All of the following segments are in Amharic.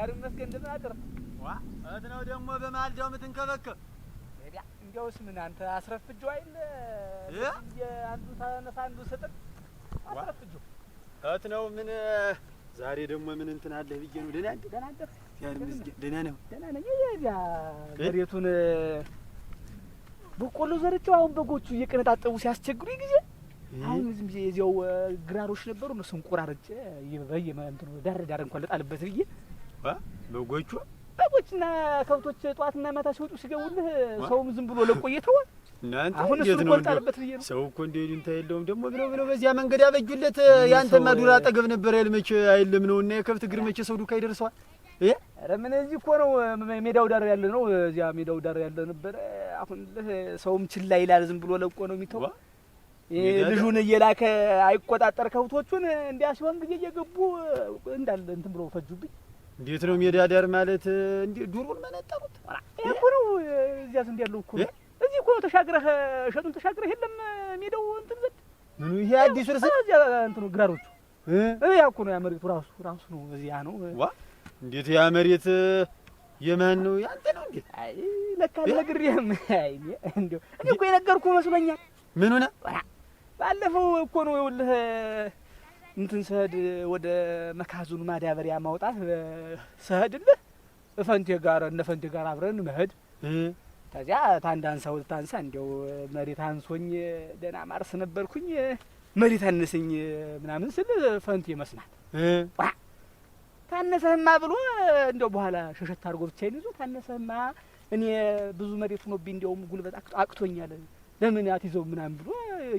እግዚአብሔር ይመስገን። እንደምን አደርክ? ዋ እህት ነው ደግሞ በማልጃው የምትንከበከብ ሄዳ። እንዲያውስ ምን አንተ አስረፍጀው አይደል? አንዱ ታነሳ አንዱ ስጥን አስረፍጀው። እህት ነው ምን ዛሬ ደግሞ ምን እንትን አለህ ብዬ ነው። ደህና ደህና አደርክ? ደህና ነው። ደህና ነኝ። ይያ መሬቱን በቆሎ ዘርቼው አሁን በጎቹ እየቀነጣጠቡ ሲያስቸግሩ ጊዜ አሁን ዝም ብዬ እዚያው ግራሮች ነበሩ እነሱን ቆራርጬ በየ እንትኑ ዳር ዳር እንኳን ልጣልበት ብዬ በጎቹ በጎችና ከብቶች ጠዋትና ማታ ሲወጡ ሲገቡልህ ሰውም ዝም ብሎ ለቆ እየተዋል። እናንተ አሁን እሱ ቆልጣለበት ብዬ ነው። ሰው እኮ እንደ ሊንታ የለውም ደግሞ ብለው ብለው በዚያ መንገድ ያበጁለት። ያንተ ማዱራ አጠገብ ነበር ያል መቼ አይልም ነው እና የከብት እግር መቼ ሰው ዱካ ይደርሰዋል። ኧረ ምን እዚህ እኮ ነው ሜዳው ዳር ያለ ነው። እዚያ ሜዳው ዳር ያለ ነበረ። አሁን ሰውም ችላ ይላል። ዝም ብሎ ለቆ ነው የሚተው። ልጁን እየላከ አይቆጣጠር ከብቶቹን። እንዲያ ሲሆን ጊዜ እየገቡ እንዳለ እንትን ብሎ ፈጁብኝ። እንዴት ነው ሜዳ ዳር ማለት እንዴ? ዱሩን መነጠሩት እኮ ነው። እዚያ ዘንድ ያለው እኮ እዚህ እኮ ነው። ተሻግረህ እሸቱን ተሻግረህ የለም ሜዳው እንትን ዘንድ ምኑ ይሄ አዲሱ ርስ እዚያ እንትኑ ግራሮቹ ያ እኮ ነው። ያ መሬቱ ራሱ ራሱ ነው። እዚያ ነው ዋ! እንዴት ያ መሬት የማን ነው? ያንተ ነው እንዴ? አይ ለካ ነግሬህም። አይ እንዴ እኮ የነገርኩህ መስሎኛል። ምኑ ነው? ባለፈው እኮ ነው ይኸውልህ እንትን ስሄድ ወደ መካዙን ማዳበሪያ ማውጣት ስሄድልህ እፈንቴ ጋር እነ ፈንቴ ጋር አብረን መሄድ ከዚያ ታንድ አንሳ ወደ አንሳ እንዲያው መሬት አንሶኝ ደህና ማርስ ነበርኩኝ መሬት አነሰኝ ምናምን ስል ፈንቴ መስናት ታነሰህማ ብሎ እንዲያው በኋላ ሸሸት አድርጎ ብቻ ይንዞ ታነሰህማ እኔ ብዙ መሬት ሆኖብኝ እንዲያውም ጉልበት አቅቶኛል ለምን አትይዘው ምናምን ብሎ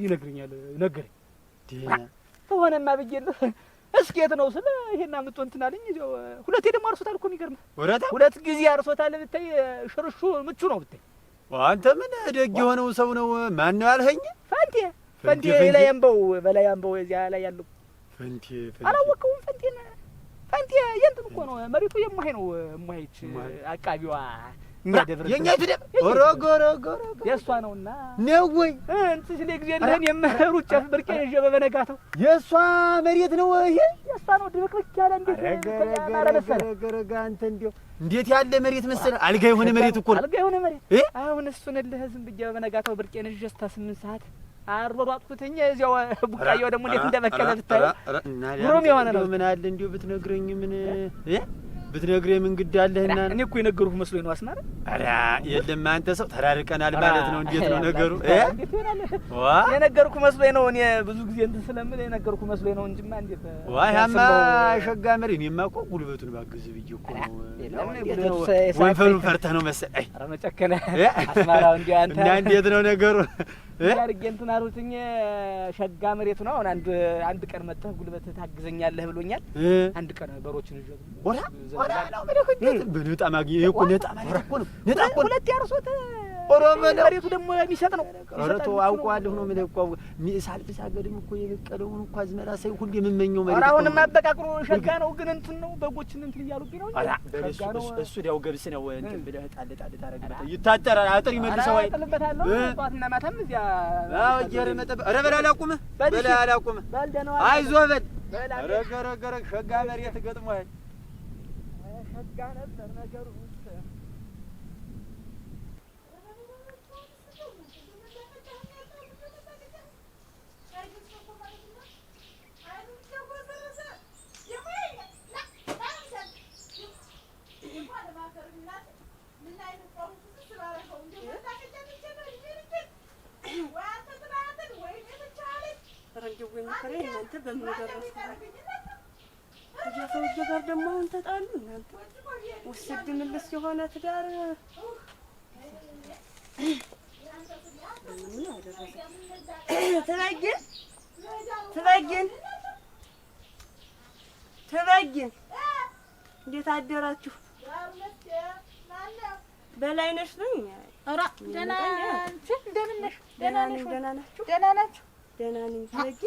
ይነግረኛል ነገረኝ። ተሆነማ ብዬልህ እስኪ የት ነው ስለ ይሄን አምጦ እንትን አለኝ። ይኸው ሁለቴ ደግሞ አርሶታል እኮ የሚገርምህ፣ ሁለት ጊዜ አርሶታል ብታይ ሽርሹ ምቹ ነው ብታይ። አንተ ምን ደግ የሆነው ሰው ነው። ማን ነው ያልኸኝ? ፈንቴ ፈንቴ ላይ አንበው በላይ አንበው እዚያ ላይ ያለው ፈንቴ ፈንቴ አላወቀውም። ፈንቴ ፈንቴ የእንትን እኮ ነው መሬቱ የማይ ነው የማሄች አቃቢዋ የእኛ ትደብ ኦሮጎ ኦሮጎ የእሷ ነውና ነው ወይ እንዴት ያለ መሬት መሰለህ? አልጋ የሆነ መሬት እኮ ነው። አልጋ የሆነ መሬት አሁን እሱን እልህ ዝም ብዬ በበነጋተው ብርቄ ይዤ እስከ ስምንት ሰዓት አሯሯጥኩትኝ እዚያው ቡቃያው ደግሞ እንዴት እንደበቀለ ብታይ ግሩም የሆነ ነው። ምን አለ እንዲሁ ብትነግረኝ ምን ብትነግሬ ምን ግድ አለህና? እኔ እኮ የነገሩህ መስሎኝ ነው አስማረ። ኧረ የለም አንተ ሰው ተራርቀናል ማለት ነው። እንዴት ነው ነገሩ? የነገርኩ መስሎኝ ነው። እኔ ብዙ ጊዜ እንትን ስለምል የነገርኩ መስሎኝ ነው እንጂማ እንዴት ዋይ ያማ ሸጋ መሪ እኔማ እኮ ጉልበቱን ባግዝ ብዬ እኮ ነው። ወንፈሉን ፈርተህ ነው መሰለኝ። ኧረ መጨከነ አስማራው እንዲ አንተ እና እንዴት ነው ነገሩ? ያርጌ እንትን አሉትኝ ሸጋ መሬት ነው። አሁን አንድ አንድ ቀን መጥተህ ጉልበት ታግዘኛለህ ብሎኛል። አንድ ቀን በሮችን ይዤ ወራ ወራ ነው በደኩኝ በነጣ ማግኘት እኮ ነጣ ማለት እኮ ነው ነጣ ሁለት ያርሶት ኦሮሞን መሬቱ ደግሞ የሚሰጥ ነው። ኧረ አውቀዋለሁ ነው የምልህ እኮ ሳልብሳ ገድም እኮ የበቀለውን እኮ አዝመራ ሳይ ሁሉ የምመኘው መሬት ነው። አሁንም አበቃቅሎ ሸጋ ነው ግን እንትን ነው በጎችን እንትን እያሉብኝ ነው። እሱ ያው ገብስ ነው እንትን ብለህ ጣል ጣል ታደርግበት ይታጠራል። አጥር ይመልሰው ወይ ጥልበታለሁ። ጠዋትና ማታም እዚያ አዎ እየሄደ መጠበቅ። ኧረ በል አላቁምህ፣ በል አላቁምህ፣ አይዞህ በል ኧረ ሸጋ መሬት ገጥሞሃል። ሸጋ ነበር ነገሩ በምን ደረሱ? ከጃፈውጀ ጋር ደግሞ አሁን ተጣሉ። እናንተ ውስድ ምልስ የሆነ ትዳር በምን አደረሰ? ትበጊን ትበጊን ትበጊን እንዴት አደራችሁ? በላይነሽ ነው። ኧረ ደህና ነሽ? ደህና ነሽ? ደህና ናችሁ? ደህና ነኝ። ተረጊ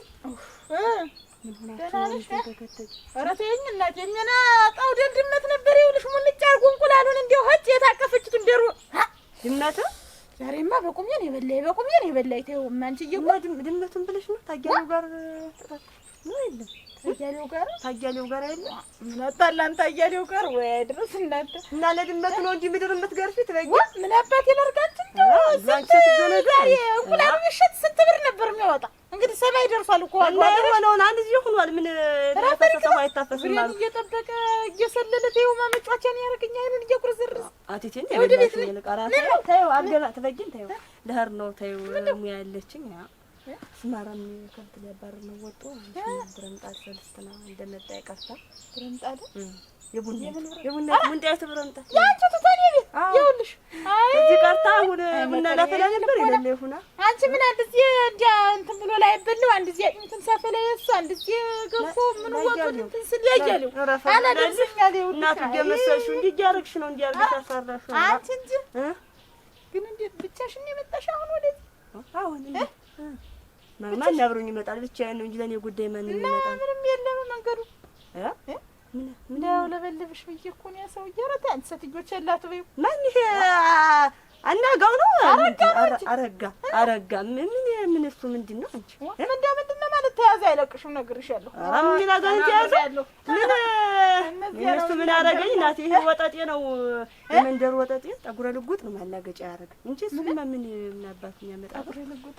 ኧረ ተይኝ እናቴ፣ እኔን አጣው ደን ድመት ነበር። ይኸውልሽ ሙልጭ አድርጎ እንቁላሉን እንደው ሂጅ የታቀፈችው እንደሩ ድመቱ ዛሬማ በቁሜ ነው የበላኝ፣ በቁሜ ነው የበላኝ። ተይው አንቺዬ፣ ድመቱን ብለሽ ነው ታያሉ ጋር ነው የለም ታያሌው ጋር ታያሌው ጋር አይደለ ምን ታያሌው ጋር ወይ ድረስ እናንተ እና ለድመት ነው እንጂ ምድር የምትገርፊት በጊዜ ምን አባት ይለርጋችን እንቁላል ምሽት ስንት ብር ነበር የሚያወጣ? እንግዲህ ሰማይ ደርሷል እኮ የሆነውን አንድ ጊዜ ሆኗል። ምን ተሰማ አይታፈስም አሉ እየጠበቀ እየሰለለ ተይው ማመጫቸን ያደርግኛ አይሉን እየቁርዝርዝ አቴቴን ተይው፣ አልገባ ትበጊን ተይው፣ ለህር ነው ተይው ሙያ ያለችኝ አስማራም ከብት ሊያባርር ነው ወጡ። ብረምጣድ ሰልስትና እንደመጣ ይቀርታ ብረምጣድ አንቺ ምን አንድ ጊዜ እንዲያ እንትን ብሎ ላይ በለው አንድ ጊዜ እንትን ሰፈለ የእሱ አንድ ጊዜ ገፎ ምን ወጡ እንትን ስል ያያሉ አላደርስኛል። እናቱ እየመሰልሽው እንዲህ እያደረግሽ ነው እንዲህ አድርገሽ አሳራሽው። አንቺ እንጂ ግን እንዴት ብቻሽን የመጣሽ አሁን ወደዚህ አሁን ማን አብሮኝ ይመጣል? ብቻዬን ነው እንጂ ለእኔ ጉዳይ ማንም ይመጣል። ምንም የለም መንገዱ ምን ያው ለበለብሽ ብዬሽ እኮ ነው። ያ ሰውዬ ኧረ ተይ አንቺ ሴትዮች የላት በይው። ማን ይሄ አናጋው ነው? አረጋ አረጋ ምን ምን እሱ ምንድን ነው አንቺ እንደው ምንድን ነው ማለት ተያዘ አይለቅሽም፣ ነግሬሻለሁ። ምን አጋን ተያዘ ምን ምን እሱ ምን አደረገኝ? ናት ይሄ ወጠጤ ነው የመንደሩ ወጠጤ፣ ጠጉረ ልጉጥ ነው ማላገጫ ያደረገ እንጂ እሱ ምን ምን አባት የሚያመጣ ጠጉረ ልጉጥ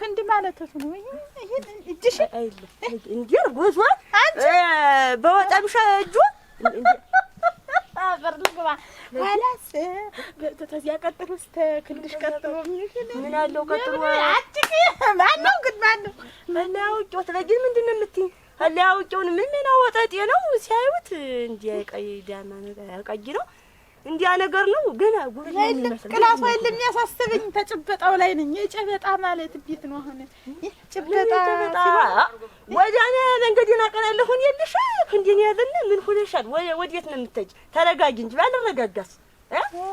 ክንድ ማለት ነው። ይሄን እጅሽን እንዴ አንቺ በወጣምሻ እጁ አፈር ልግባ ዋላስ ተዚያ ቀጥሎ እስከ ክንድሽ ቀጥሎ ምን አለው ቀጥሎ አንቺ ማነው ግን ማነው ምንድን ነው የምትይኝ? ምን ነው ወጠጤ ነው ሲያዩት እንዲህ ቀይ ዳማ ነው ቀይ ነው እንዲያ ነገር ነው። ገና ጉርል ቅላቷ የለም የሚያሳስበኝ ተጭበጣው ላይ ነኝ። የጨበጣ ማለት እንዴት ነው አሁን? ጨበጣ ወዲያና መንገዴን አቀናለሁን የልሽ እንዴን ያዘነ ምን ሆነሻል? ወዴት ነው የምትሄጂ? ተረጋጊ እንጂ ባልረጋጋስ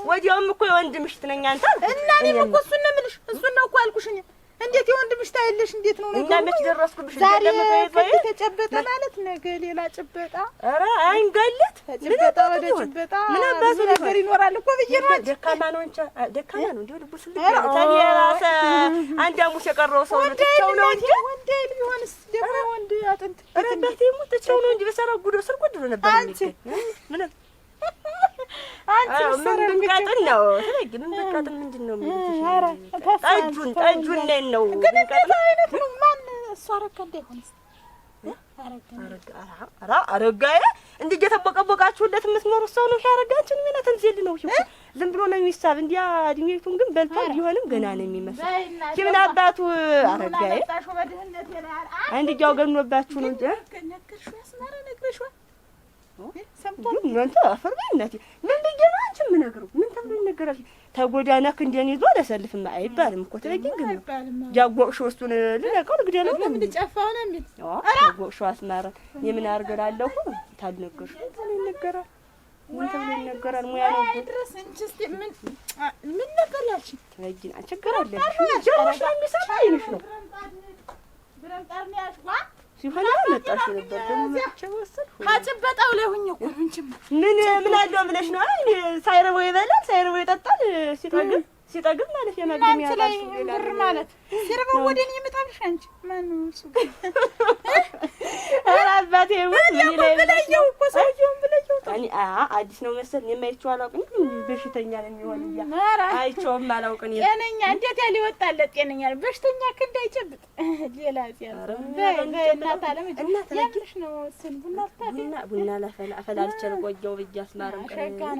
ወዲያውም እኮ ምሽት ትነኝ አንተ። እና እኔም እኮ እሱን ነው የምልሽ፣ እሱን ነው እኮ ያልኩሽ። እንዴት እንዴት ምሽት ታይልሽ? እንዴት ነው ነው እና መች ደረስኩብሽ? ዛሬ ተጨበጠ ማለት ነገ ሌላ ጭበጣ። ኧረ አይንገለት ምን ወደ ጭበጣ ምን አባቱ ነገር ይኖራል እኮ ብዬ ነው። ደካማ ነው እንጂ ደካማ ነው እንዴ ልቡ ስለ ታን የራሰ አንድ አሙስ የቀረው ሰው ነው ትቸው ነው እንጂ ወንድ ቢሆንስ ደግሞ ወንድ አጥንት ረበት ይሙት ትቸው ነው እንጂ በሰራ ጉዶ ስር ጉዶ ነበር አንቺ ምን አንቺ ነው ነው ጠጁን ጠጁን ነው ግን አይነት ነው ማን አረጋ እንዲ እየተቦቀቦቃችሁለት የምትኖሩት ሰው ነው። ያረጋችሁን ምን ተንዜል ነው ዝም ብሎ ነው የሚሳብ። እንዲያ እድሜቱን ግን በልቷ ቢሆንም ገና ነው የሚመስል። ምን አባቱ አረጋ አንድ እያው ገኖባችሁ ነው እንጂ ሰምቶናንተ አፈር በእናቴ ምን ብዬሽ ነው አንቺ የምነግረው? ምን ተብሎ ይነገራል? ተጎዳና ክንዴን ይዞ አላሰልፍም አይባልም እኮ ተለጊን ግን ጃጓቅሽ ወስቱን ልነቀው ልግደ ነው ምን ጨፋው ነው የሚል ጃጓቅሽ አስማረ የምን አርገላለሁ ታልነገርሽ ምን ይነገራል? ምን ተብሎ ይነገራል? ሙያ ነው ድረስ እንጂ እስኪ ምን ምን ነበር ያልሽ? ተለጊን አንቺ ገራለሽ ጀሮሽ ነው የሚሰማ አይንሽ ነው ብረምጣር ነው ያልሽ ሲፈላ መጣሽ ነበር ደግሞ መጥቼ ወሰድኩ። ካጭበጣው ላይ ሆኜ እኮ ምን ምን አለው ብለሽ ነው? ሳይረበው ይበላል፣ ሳይረበው ይጠጣል ሲጠግብ ሲጠግብ ማለት የማግኘት ላይ ብር ማለት ሲርበው ወደ እኔ የምታብልሽ አንቺ ማን እሱ ኧረ አባቴ ብለየው እኮ ሰውዬውን ብለየው። ታኒ አ አዲስ ነው መሰል እኔም አይቼው አላውቅም። በሽተኛ ነው የሚሆን እያ አይቼውም አላውቅም። ጤነኛ እንዴት ያለ ይወጣለት ጤነኛ ነው በሽተኛ ክንድ አይጨብጥ ሌላ እናት አለም ነው ቡና ቡና ለፈላ አፈላልቼ ልቆየው ብዬሽ አስማርም ቀን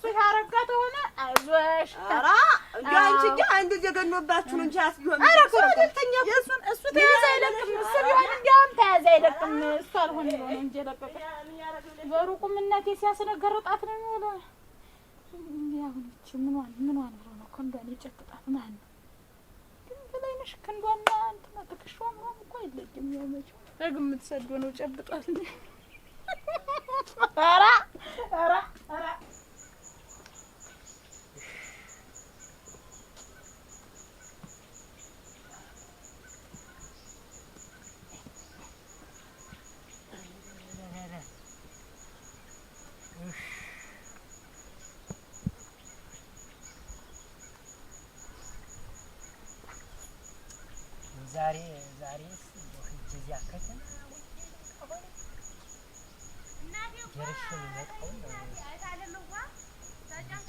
እሱ ያረጋ ተሆነ አይዞሽ። ኧረ እንደ አንቺ እንጂ አንድ ዘገኖባችሁ ነው እንጂ አስቢሆን ኧረ እኮ አይደልተኛ እሱ ተያዘ አይለቅም። እሱ ቢሆን እንዲያውም ተያዘ አይለቅም። እሱ አልሆነ ነው እንጂ የለቀቀ በሩቁም ሲያስነገርጣት ነው የሚውለው። አሁን ይቺ ምኗን ምኗን ብሎ ነው እኮ የጨብጣት ማን ነው ግን ክንዷና እንትና ትከሻዋ ምናምን እኮ አይለቅም። ያው መቼም ሰዶ ነው ጨብጧል። ኧረ ኧረ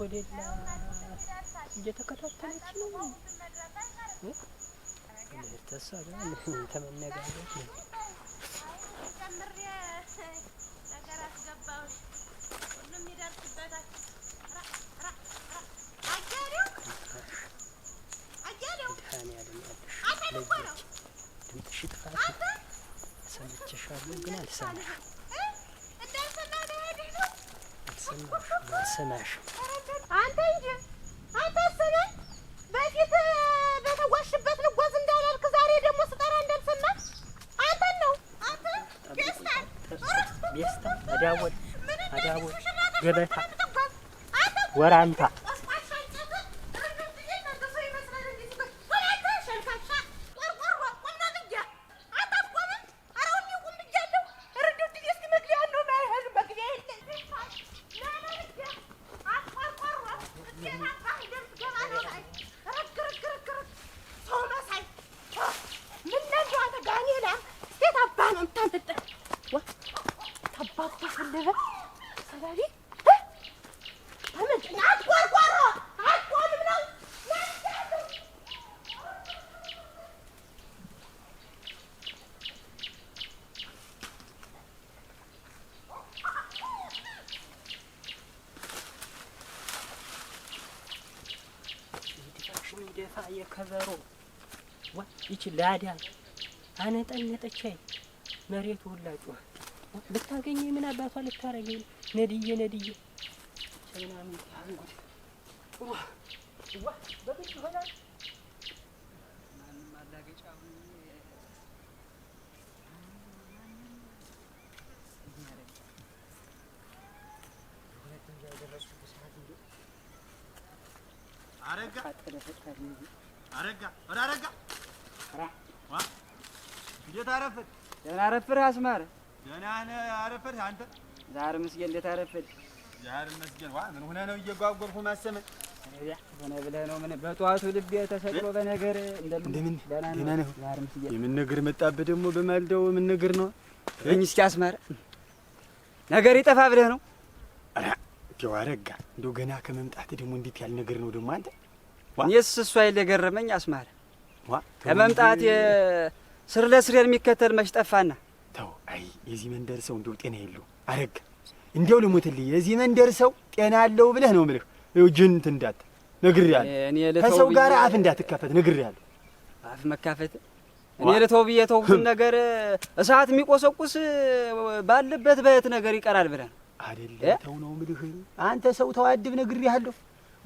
ወደላ እየተከታተለች ነው ተሳ ተመነጋገር ድምፅሽ ይጥፋት። ሰምቼሻለሁ ግን አልሰማሽም፣ አልሰማሽም አንተ እንጂ አታሰብም። በፊት በተጓሽበት ልጓዝ እንዳላልክ ዛሬ ደግሞ ስጠራ እንዳልሰማ አንተን ነው። አንተ ገበታ ወራንታ የከበሮ ይች ላዳ አነጠነጠቻይ መሬት ወላጩ ብታገኘ ምን አባቷ ልታረገኝ? ነድዬ ነድዬ ቻይና ምን ያህል ሆናል ደህና አረፈድህ አስማረ? ደህና አረፈድህ አንተ። ዛር ምስጌን እንዴት አረፈድህ? ዛር ምስጌን ዋ ምን ሆነህ ነው እየጓጓርኩ ሆነ ብለህ ነው? ምን በጠዋቱ ተሰቅሎ በነገር እንደምን ደህና የምን ነገር መጣብህ ደግሞ በማልደው ምን ነገር ነው? እኝ እስኪ አስማረ ነገር ይጠፋ ብለህ ነው? ኧረ አረጋ፣ እንደው ገና ደግሞ እንዴት ያለ ነገር ነው ደግሞ አንተ እኔስ እሱ አይል የገረመኝ አስማረ ከመምጣት ስር ለስር የሚከተል መች ጠፋና። ተው አይ የዚህ መንደር ሰው ጤና የለው አረግ እንዲያው ልሙትልኝ የዚህ መንደር ሰው ጤና ብለህ ነው ምልህ ከሰው ጋር አፍ አፍ መካፈት እኔ ልተው ብዬ ተውኩን ነገር እሳት የሚቆሰቁስ ባለበት ነገር ይቀራል ብለህ ነው ተው ነው ምልህ አንተ ሰው ተዋድብ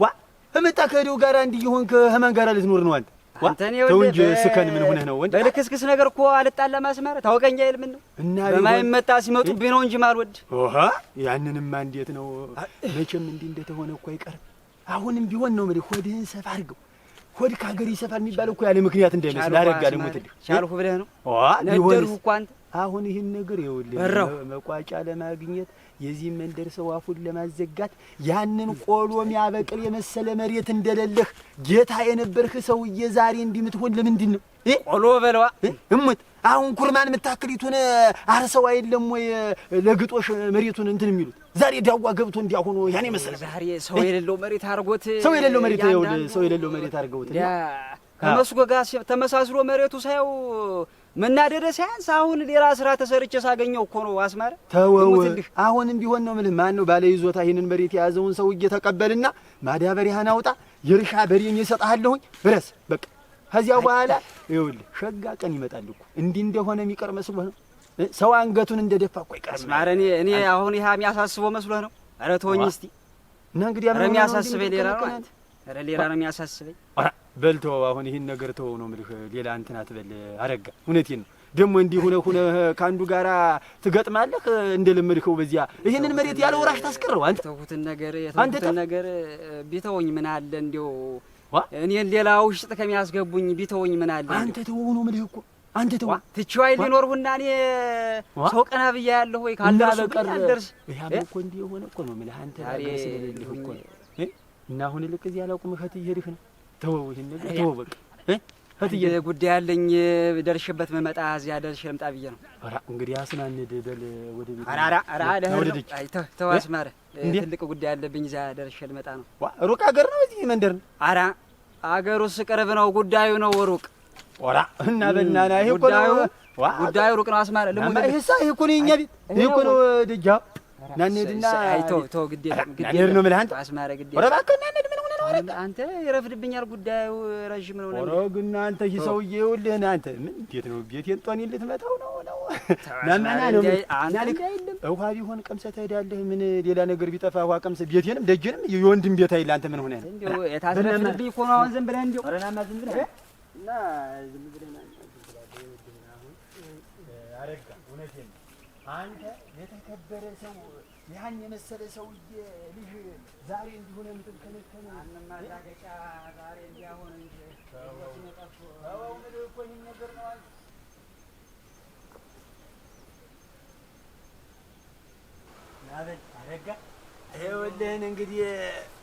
ዋ እመጣ ከሄደው ጋር አንድ እየሆንክ ህመን ጋር ልትኖር ነው አንተ? ተው እንጂ ስከን፣ ምን ሆነህ ነው? ወንድ በልክስክስ ነገር እኮ አልጣላ ማስማር ታወቀኛ አይል ምን ነው እና በማይመጣ ሲመጡ ቢኖ እንጂ ማልወድ። ኦሃ ያንንማ እንዴት ነው መቼም እንዲህ እንደተሆነ እኮ አይቀርም። አሁንም ቢሆን ነው የምልህ ሆድህን ሰፋ አድርገው። ሆድ ከሀገር ይሰፋል የሚባለው እኮ ያለ ምክንያት እንዳይመስል። አረጋ ደግሞ ትልቅ ቻልሁ ብለህ ነው ነደሩ እኮ አንተ አሁን ይህን ነገር ይኸውልህ መቋጫ ለማግኘት የዚህ መንደር ሰው አፉን ለማዘጋት ያንን ቆሎ የሚያበቅል የመሰለ መሬት እንደሌለህ ጌታ የነበርህ ሰውዬ ዛሬ እንዲህ የምትሆን ለምንድን ነው? ቆሎ በለዋ እሙት አሁን ኩርማን የምታክሊቱን አርሰው አይደለም ወይ ለግጦሽ መሬቱን እንትን የሚሉት ዛሬ ዳዋ ገብቶ እንዲያሆኑ ያኔ መሰለ ዛሬ ሰው የሌለው መሬት አርጎት ሰው የሌለው መሬት ይኸውልህ ሰው የሌለው መሬት አድርገውት ከመስጎ ጋር ተመሳስሎ መሬቱ ሳያው መናደደ ሳያንስ አሁን ሌላ ስራ ተሰርቼ ሳገኘው እኮ ነው። አስማረ ተወው። አሁንም ቢሆን ነው ምልህ ማን ነው ባለ ይዞታ ይህንን መሬት የያዘውን ሰውዬ ተቀበልና ማዳበሪያህን አውጣ፣ የእርሻ በሬን እሰጥሃለሁኝ ብረስ። በቃ ከዚያ በኋላ ይኸውልህ ሸጋ ቀን ይመጣል እኮ እንዲህ እንደሆነ የሚቀር መስሎህ ነው? ሰው አንገቱን እንደ እኮ ይቀር። አስማረ እኔ እኔ አሁን ይሄ የሚያሳስበው መስሎህ ነው? ኧረ ተወኝ እስቲ እና እንግዲህ የሚያሳስበኝ ሌላ ነው። ኧረ ሌላ ነው የሚያሳስበኝ በልተው አሁን ይህን ነገር ተወው ነው ምልህ። ሌላ እንትን አትበል አረጋ፣ እውነቴን ነው። ደግሞ እንዲህ ሁነ ሁነ ከአንዱ ጋራ ትገጥማለህ እንደ እንደለመድከው በዚያ ይህንን መሬት ያለ ወራሽ ታስቀረው አንተ ተውትን ነገር የተውትን ነገር ቢተወኝ ምን አለ እንዲው እኔን ሌላ ውሽጥ ከሚያስገቡኝ ቢተወኝ ምን አለ። አንተ ተወው ነው ምልህ እኮ አንተ ተው ትቼዋይ ሊኖር ሁና እኔ ሰው ቀና ብያ ያለሁ ወይ ካልደርሱ ካልደርስ ይሄም እኮ እንዲህ የሆነ እኮ ነው ምልህ አንተ ጋር ስለሌለህ እኮ እና አሁን ልክ እዚህ ያላቁምህ እህት እየሄድህ ነው ተወው፣ ይሄን ነገር ተወው። በቃ እህትዬ ጉዳይ አለኝ ደርሼበት መመጣ እዚያ ደርሼ ልምጣ ብዬ ነው። ኧረ እንግዲህ አስና በል ወደ ቤት። ኧረ ኧረ ኧረ አልሄድም። አስማረ ትልቅ ጉዳይ አለብኝ እዚያ ደርሼ ልመጣ ነው። ሩቅ አገር ነው እዚህ መንደር ነው። ኧረ አገሩስ ቅርብ ነው፣ ጉዳዩ ነው ሩቅ። ኧረ እና በእናትህ ነው ይሄ እኮ ነው ጉዳዩ ሩቅ ነው። አስማረ ልሙት። ይሄሳ ይሄ እኮ ነው የእኛ ቤት፣ ይሄ እኮ ነው ደጃው። ና እንሂድና፣ አይ ተው ተው፣ ግድ የለም ግድ የለም ነው የምልህ አንተ አስማረ፣ ግድ የለም ኧረ እባክህ ና እንሂድ አንተ ይረፍድብኛል፣ ጉዳዩ ረዥም ነው። ኧረ ግን አንተ ይህ ሰውዬ ይኸውልህ፣ አንተ ምን እንዴት ነው ቤቴን ጦኒ ልትመጣው ነው? ነው ለማና ነው ውሃ ቢሆን ቀምሰህ ትሄዳለህ። ምን ሌላ ነገር ቢጠፋ ውሃ ቀምሰህ ቤቴንም ደጅንም የወንድም ቤት አይደል? አንተ ምን ሆነህ ነው እንደው የታስረፍድብኝ እኮ ነው። አሁን ዝም ብለህ እንደው ኧረ ናማ ዝም ብለህ እና ዝም ብለህ ና አረጋ፣ እውነቴን ነው አንተ የተከበረ ሰው ያን የመሰለ ሰውዬ ልጅ ዛሬ እንዲሆነ ምድር ከነከነ ማላገጫ ዛሬ እንዲያሆነ እንጂ ጠፉ ምድር እኮ ይህን ነገር ነው አንተ ናበል አረጋ ይኸውልህን እንግዲህ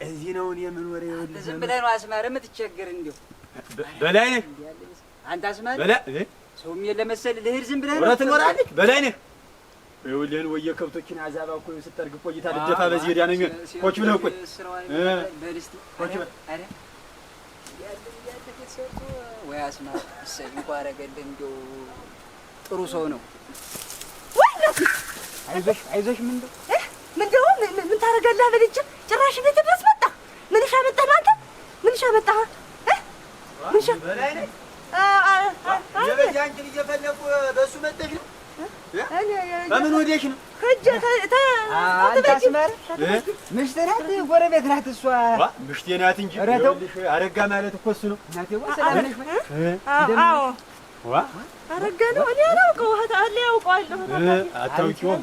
እዚህ ነው እኔ የምኖር። ይኸውልህ ዝም ብለህ ነው አስማር የምትቸገር። እንዲሁ በላይ ነህ አንተ አስማር፣ ሰውም የለ መሰል ልሂድ ዝም ብለህ ነው ትኖራለህ። በላይ ነህ ይኸውልህን ወየ ከብቶችን አዛባ እኮ ስጠርግ ቆይታ ልደፋ በዚህ ሄዳ ነው የሚሆን። ኮች ብለህ ቆይ ጥሩ ሰው ነው። ወይ አይዞሽ አይዞሽ። ምን ምንደው ምን ደው ምን ታደርጋለህ? በልጅ ጭራሽ ቤት ድረስ መጣ። ምን ሻ መጣ አንተ? ምን ሻ መጣ? ምን ሻ በላይ ነህ? አንቺን እየፈለኩ በእሱ መጠሽ ነው በምን ወዴት ነው? ምሽት ናት፣ ጎረቤት ናት። እሷ ምሽቴ ናት እንጂ አረጋ ማለት እኮ እሱ ነው። አረጋ ነው። እኔ አላውቀው አለ ያውቀዋለሁ። አታውቂውም?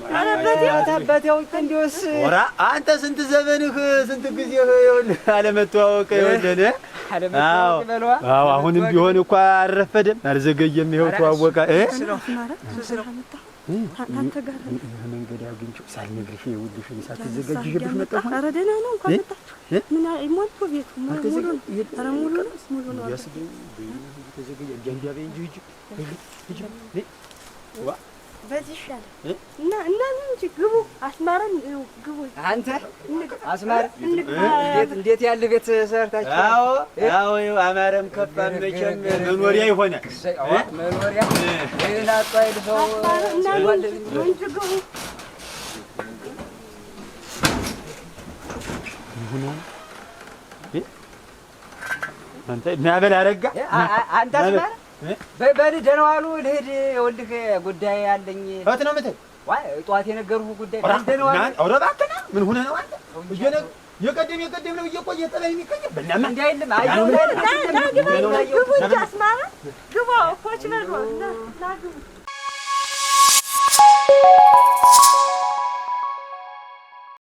እንዲወስ ወራ አንተ ስንት ዘመንህ ስንት ጊዜህ አለመተዋወቅ አዎ አሁንም ቢሆን እኮ አልዘገየም። ይኸው ተዋወቀ። አንተ ጋር መንገድ አግኝቼው ሳልነግርሽ ይኸውልሽ መጣሁ። ኧረ ደህና ነው እንኳን መጣችሁ። ምን ሞልቶ ቤቱ ሙሉ ነው። ኧረ ሙሉ ነው ሙሉ ነው። በዚህ ይሻላል እና እናንተ እንጂ ግቡ፣ አስማረን ግቡ። አንተ አስማረ እንዴት ያለ ቤት ሰርታችሁ? አዎ አዎ፣ አማረም ከፋ መቼም መኖሪያ ይሆናል። መኖሪያ ይሄን ሰው ግቡ አንተ ማበል አረጋ አንተ አስማረ በልደህ ነው አሉ። ልሂድ፣ ይኸውልህ ጉዳይ አለኝ። እህት ነው የምትል ዋይ ጠዋት የነገርኩህ ጉዳይ ልሂድ ነው ኧረ እባክህ ነው ምን ሆነህ ነው አንተ የቀደም የቀደም ነው እየቆየ ጥለህ የሚቀየም በእናትህ እንዲህ አይልም። አየሁ ግቡ እንጂ አስማረ ግቡ እኮ ችለህ ና ግቡ